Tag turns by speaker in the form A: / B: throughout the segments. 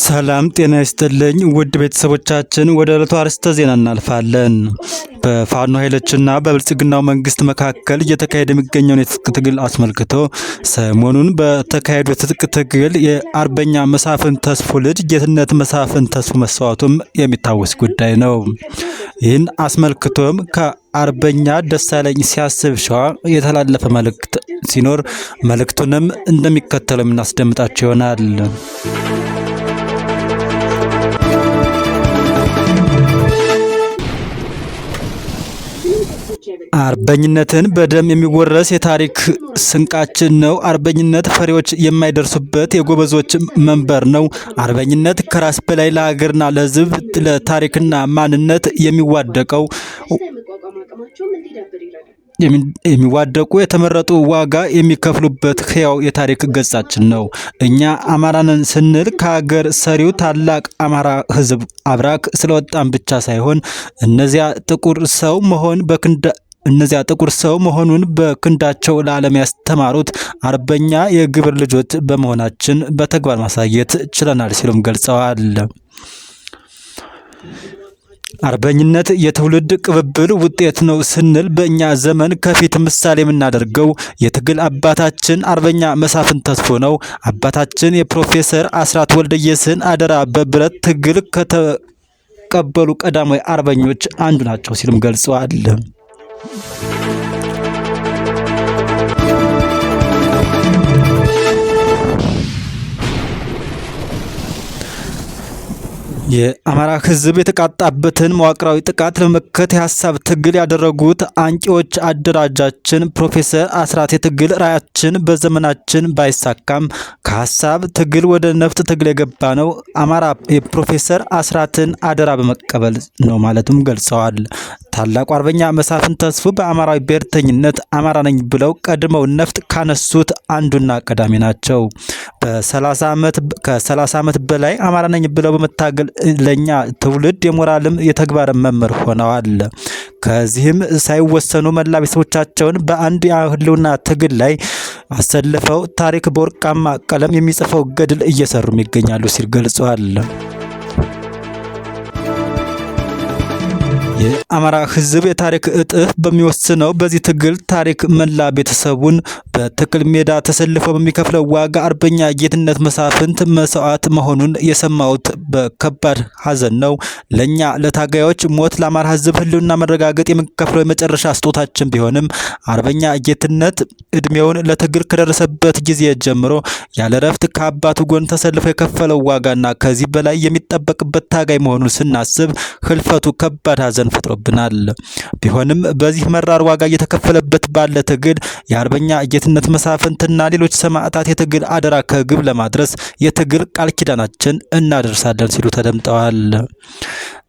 A: ሰላም ጤና ይስጥልኝ ውድ ቤተሰቦቻችን፣ ወደ ዕለቱ አርዕስተ ዜና እናልፋለን። በፋኖ ኃይሎችና በብልጽግናው መንግስት መካከል እየተካሄደ የሚገኘውን የትጥቅ ትግል አስመልክቶ ሰሞኑን በተካሄዱ የትጥቅ ትግል የአርበኛ መሳፍን ተስፉ ልጅ ጌትነት መሳፍን ተስፉ መስዋዕቱም የሚታወስ ጉዳይ ነው። ይህን አስመልክቶም ከአርበኛ ደሳለኝ ሲያስብ ሸዋ የተላለፈ መልእክት ሲኖር መልእክቱንም እንደሚከተለው የምናስደምጣቸው ይሆናል። አርበኝነትን በደም የሚወረስ የታሪክ ስንቃችን ነው። አርበኝነት ፈሪዎች የማይደርሱበት የጎበዞች መንበር ነው። አርበኝነት ከራስ በላይ ለሀገርና ለሕዝብ ለታሪክና ማንነት የሚዋደቀው የሚዋደቁ የተመረጡ ዋጋ የሚከፍሉበት ሕያው የታሪክ ገጻችን ነው። እኛ አማራንን ስንል ከሀገር ሰሪው ታላቅ አማራ ሕዝብ አብራክ ስለወጣን ብቻ ሳይሆን እነዚያ ጥቁር ሰው መሆን በክንደ እነዚያ ጥቁር ሰው መሆኑን በክንዳቸው ለዓለም ያስተማሩት አርበኛ የግብር ልጆች በመሆናችን በተግባር ማሳየት ችለናል ሲሉም ገልጸዋል። አርበኝነት የትውልድ ቅብብል ውጤት ነው ስንል በእኛ ዘመን ከፊት ምሳሌ የምናደርገው የትግል አባታችን አርበኛ መሳፍን ተስፎ ነው። አባታችን የፕሮፌሰር አስራት ወልደየስን አደራ በብረት ትግል ከተቀበሉ ቀዳማዊ አርበኞች አንዱ ናቸው ሲሉም ገልጸዋል። የአማራ ህዝብ የተቃጣበትን መዋቅራዊ ጥቃት ለመመከት የሀሳብ ትግል ያደረጉት አንቂዎች አደራጃችን ፕሮፌሰር አስራት የትግል ራዕያችን በዘመናችን ባይሳካም ከሀሳብ ትግል ወደ ነፍጥ ትግል የገባ ነው አማራ የፕሮፌሰር አስራትን አደራ በመቀበል ነው ማለቱም ገልጸዋል። ታላቁ አርበኛ መሳፍን ተስፉ በአማራዊ ብሔርተኝነት አማራ ነኝ ብለው ቀድመው ነፍጥ ካነሱት አንዱና ቀዳሚ ናቸው። ዓመት ከ30 ዓመት በላይ አማራ ነኝ ብለው በመታገል ለኛ ትውልድ የሞራልም የተግባር መምህር ሆነዋል። ከዚህም ሳይወሰኑ መላ ቤተሰቦቻቸውን በአንድ የህልውና ትግል ላይ አሰልፈው ታሪክ በወርቃማ ቀለም የሚጽፈው ገድል እየሰሩም ይገኛሉ ሲል ገልጸዋል። የአማራ ህዝብ የታሪክ እጥፍ በሚወስነው በዚህ ትግል ታሪክ መላ ቤተሰቡን በትክል ሜዳ ተሰልፈው በሚከፍለው ዋጋ አርበኛ ጌትነት መሳፍንት መስዋዕት መሆኑን የሰማሁት በከባድ ሀዘን ነው። ለእኛ ለታጋዮች ሞት ለአማራ ህዝብ ህልውና መረጋገጥ የምንከፍለው የመጨረሻ ስጦታችን ቢሆንም አርበኛ ጌትነት እድሜውን ለትግል ከደረሰበት ጊዜ ጀምሮ ያለ ረፍት ከአባቱ ጎን ተሰልፎ የከፈለው ዋጋና ከዚህ በላይ የሚጠበቅበት ታጋይ መሆኑን ስናስብ ህልፈቱ ከባድ ሀዘን ጫናን ፈጥሮብናል። ቢሆንም በዚህ መራር ዋጋ እየተከፈለበት ባለ ትግል የአርበኛ ጌትነት መሳፍንትና ሌሎች ሰማዕታት የትግል አደራ ከግብ ለማድረስ የትግል ቃል ኪዳናችን እናደርሳለን ሲሉ ተደምጠዋል።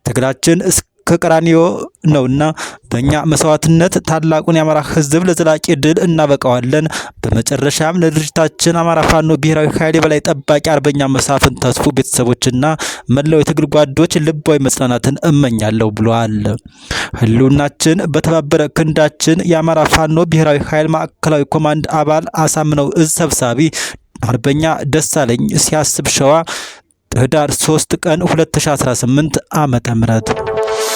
A: ትግላችን ከቀራኒዮ ነውና በእኛ መስዋዕትነት ታላቁን የአማራ ህዝብ ለዘላቂ ድል እናበቃዋለን። በመጨረሻም ለድርጅታችን አማራ ፋኖ ብሔራዊ ኃይል የበላይ ጠባቂ አርበኛ መሳፍን ተስፉ ቤተሰቦችና መላው የትግል ጓዶች ልባዊ መጽናናትን እመኛለሁ ብለዋል። ህልውናችን በተባበረ ክንዳችን። የአማራ ፋኖ ብሔራዊ ኃይል ማዕከላዊ ኮማንድ አባል አሳምነው እዝ ሰብሳቢ አርበኛ ደሳለኝ ሲያስብ ሸዋ ህዳር 3 ቀን 2018 ም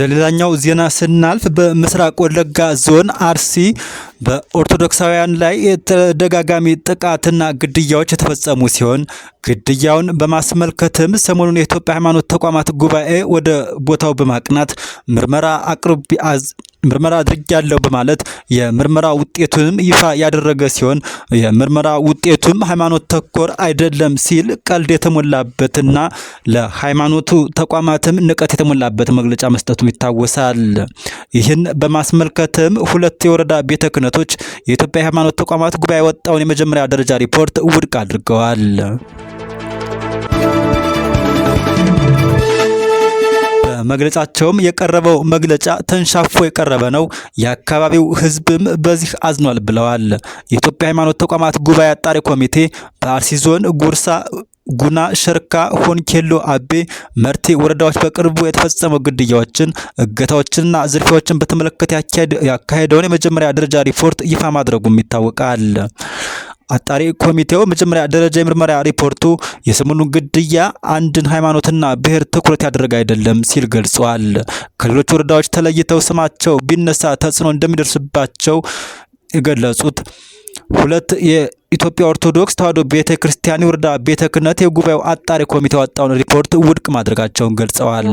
A: ወደ ሌላኛው ዜና ስናልፍ በምስራቅ ወለጋ ዞን አርሲ በኦርቶዶክሳውያን ላይ ተደጋጋሚ ጥቃትና ግድያዎች የተፈጸሙ ሲሆን ግድያውን በማስመልከትም ሰሞኑን የኢትዮጵያ ሃይማኖት ተቋማት ጉባኤ ወደ ቦታው በማቅናት ምርመራ አቅርቢ ምርመራ ያለው በማለት የምርመራ ውጤቱንም ይፋ ያደረገ ሲሆን የምርመራ ውጤቱም ሃይማኖት ተኮር አይደለም ሲል ቀልድ የተሞላበትና ለሃይማኖቱ ተቋማትም ንቀት የተሞላበት መግለጫ መስጠቱ ይታወሳል። ይህን በማስመልከትም ሁለት የወረዳ ቤተ ክህነቶች የኢትዮጵያ የሃይማኖት ተቋማት ጉባኤ ወጣውን የመጀመሪያ ደረጃ ሪፖርት ውድቅ አድርገዋል። መግለጫቸውም የቀረበው መግለጫ ተንሻፎ የቀረበ ነው። የአካባቢው ህዝብም በዚህ አዝኗል ብለዋል። የኢትዮጵያ ሃይማኖት ተቋማት ጉባኤ አጣሪ ኮሚቴ በአርሲ ዞን ጉርሳ ጉና፣ ሸርካ፣ ሆንኬሎ፣ አቤ መርቴ ወረዳዎች በቅርቡ የተፈጸሙ ግድያዎችን፣ እገታዎችንና ዝርፊያዎችን በተመለከተ ያካሄደውን የመጀመሪያ ደረጃ ሪፖርት ይፋ ማድረጉም ይታወቃል። አጣሪ ኮሚቴው መጀመሪያ ደረጃ የምርመራ ሪፖርቱ የሰሞኑ ግድያ አንድን ሃይማኖትና ብሔር ትኩረት ያደረገ አይደለም ሲል ገልጿል። ከሌሎች ወረዳዎች ተለይተው ስማቸው ቢነሳ ተጽዕኖ እንደሚደርስባቸው የገለጹት ሁለት የኢትዮጵያ ኦርቶዶክስ ተዋሕዶ ቤተ ክርስቲያን ወረዳ ቤተ ክህነት የጉባኤው አጣሪ ኮሚቴ ያወጣውን ሪፖርት ውድቅ ማድረጋቸውን ገልጸዋል።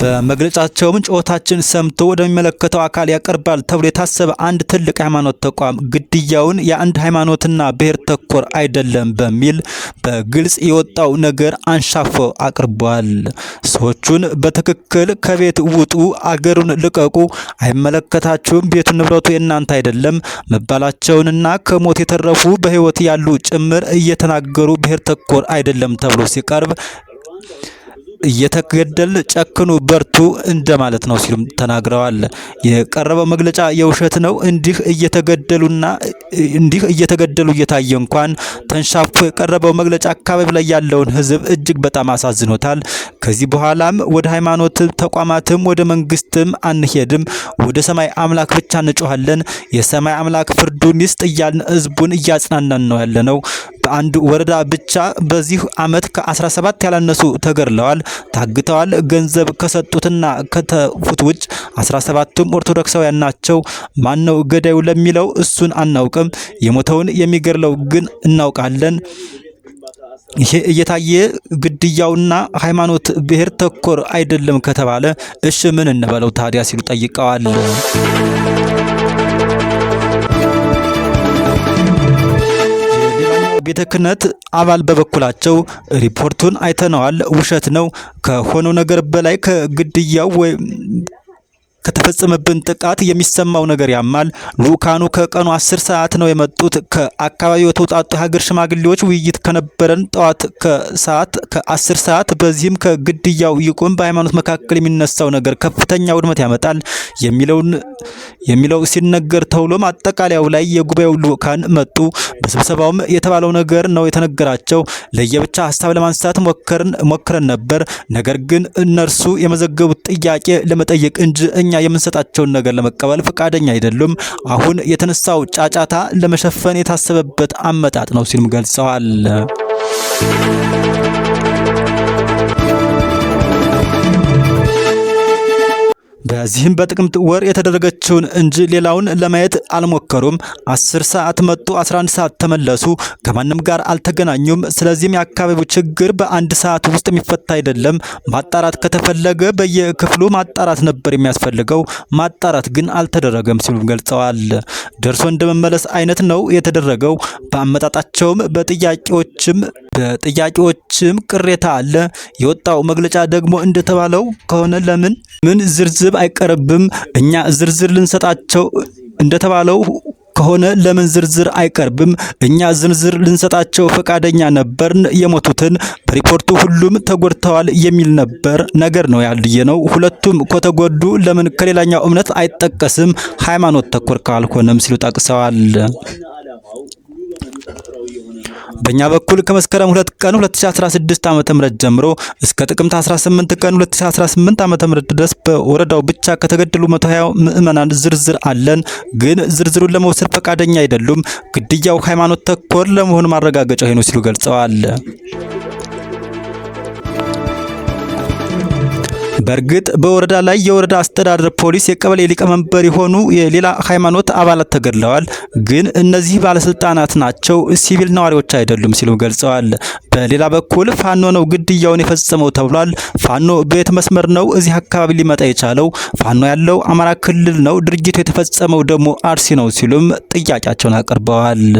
A: በመግለጫቸውም ጩኸታችን ሰምቶ ወደሚመለከተው አካል ያቀርባል ተብሎ የታሰበ አንድ ትልቅ ሃይማኖት ተቋም ግድያውን የአንድ ሃይማኖትና ብሔር ተኮር አይደለም በሚል በግልጽ የወጣው ነገር አንሻፎ አቅርቧል። ሰዎቹን በትክክል ከቤት ውጡ፣ አገሩን ልቀቁ፣ አይመለከታችሁም፣ ቤቱ ንብረቱ የእናንተ አይደለም መባላቸውንና ከሞት የተረፉ በህይወት ያሉ ጭምር እየተናገሩ ብሔር ተኮር አይደለም ተብሎ ሲቀርብ እየተገደል ጨክኑ በርቱ እንደማለት ነው ሲሉም ተናግረዋል። የቀረበው መግለጫ የውሸት ነው። እንዲህ እየተገደሉና እንዲህ እየተገደሉ እየታየ እንኳን ተንሻፎ የቀረበው መግለጫ አካባቢ ላይ ያለውን ሕዝብ እጅግ በጣም አሳዝኖታል። ከዚህ በኋላም ወደ ሃይማኖት ተቋማትም ወደ መንግስትም አንሄድም፣ ወደ ሰማይ አምላክ ብቻ እንጮኋለን። የሰማይ አምላክ ፍርዱን ይስጥ እያልን ሕዝቡን እያጽናናን ነው ያለ ነው። በአንድ ወረዳ ብቻ በዚህ ዓመት ከ17 ያላነሱ ተገድለዋል፣ ታግተዋል። ገንዘብ ከሰጡትና ከተፉት ውጭ 17ቱም ኦርቶዶክሳውያን ናቸው። ነው ገዳዩ ለሚለው እሱን አናውቅም። የሞተውን የሚገድለው ግን እናውቃለን። ይሄ እየታየ ግድያውና ሃይማኖት ብሔር ተኮር አይደለም ከተባለ እሺ ምን እንበለው ታዲያ ሲሉ ጠይቀዋል። የቤተ ክህነት አባል በበኩላቸው ሪፖርቱን አይተነዋል፣ ውሸት ነው፣ ከሆነው ነገር በላይ ከግድያው ከተፈጸመብን ጥቃት የሚሰማው ነገር ያማል። ልኡካኑ ከቀኑ አስር ሰዓት ነው የመጡት። ከአካባቢው የተውጣጡ የሀገር ሽማግሌዎች ውይይት ከነበረን ጠዋት ከሰዓት ከአስር ሰዓት በዚህም ከግድያው ይቁም፣ በሃይማኖት መካከል የሚነሳው ነገር ከፍተኛ ውድመት ያመጣል የሚለውን የሚለው ሲነገር ተውሎ ማጠቃለያው ላይ የጉባኤው ልኡካን መጡ። በስብሰባውም የተባለው ነገር ነው የተነገራቸው። ለየብቻ ሀሳብ ለማንሳት ሞከርን ነበር። ነገር ግን እነርሱ የመዘገቡት ጥያቄ ለመጠየቅ እንጂ እኛ የምንሰጣቸውን ነገር ለመቀበል ፈቃደኛ አይደሉም። አሁን የተነሳው ጫጫታ ለመሸፈን የታሰበበት አመጣጥ ነው ሲልም ገልጸዋል። በዚህም በጥቅምት ወር የተደረገችውን እንጂ ሌላውን ለማየት አልሞከሩም። አስር ሰዓት መጡ፣ 11 ሰዓት ተመለሱ። ከማንም ጋር አልተገናኙም። ስለዚህም የአካባቢው ችግር በአንድ ሰዓት ውስጥ የሚፈታ አይደለም። ማጣራት ከተፈለገ በየክፍሉ ማጣራት ነበር የሚያስፈልገው። ማጣራት ግን አልተደረገም ሲሉም ገልጸዋል። ደርሶ እንደመመለስ አይነት ነው የተደረገው። በአመጣጣቸውም በጥያቄዎችም በጥያቄዎችም ቅሬታ አለ። የወጣው መግለጫ ደግሞ እንደተባለው ከሆነ ለምን ምን ዝርዝር አይቀርብም? እኛ ዝርዝር ልንሰጣቸው እንደተባለው ከሆነ ለምን ዝርዝር አይቀርብም? እኛ ዝርዝር ልንሰጣቸው ፈቃደኛ ነበርን። የሞቱትን በሪፖርቱ ሁሉም ተጎድተዋል የሚል ነበር ነገር ነው ያልየ ነው። ሁለቱም ከተጎዱ ለምን ከሌላኛው እምነት አይጠቀስም? ሃይማኖት ተኮር ካልሆነም ሲሉ ጠቅሰዋል። በእኛ በኩል ከመስከረም 2 ቀን 2016 ዓ.ም ጀምሮ እስከ ጥቅምት 18 ቀን 2018 ዓ.ም ድረስ በወረዳው ብቻ ከተገደሉ 120 ምዕመናን ዝርዝር አለን፣ ግን ዝርዝሩን ለመውሰድ ፈቃደኛ አይደሉም። ግድያው ሃይማኖት ተኮር ለመሆን ማረጋገጫ ሆኖ ሲሉ ገልጸዋል። በእርግጥ በወረዳ ላይ የወረዳ አስተዳደር ፖሊስ የቀበሌ ሊቀመንበር የሆኑ የሌላ ሃይማኖት አባላት ተገድለዋል። ግን እነዚህ ባለስልጣናት ናቸው፣ ሲቪል ነዋሪዎች አይደሉም ሲሉ ገልጸዋል። በሌላ በኩል ፋኖ ነው ግድያውን የፈጸመው ተብሏል። ፋኖ በየት መስመር ነው እዚህ አካባቢ ሊመጣ የቻለው? ፋኖ ያለው አማራ ክልል ነው፣ ድርጊቱ የተፈጸመው ደግሞ አርሲ ነው ሲሉም ጥያቄያቸውን አቅርበዋል።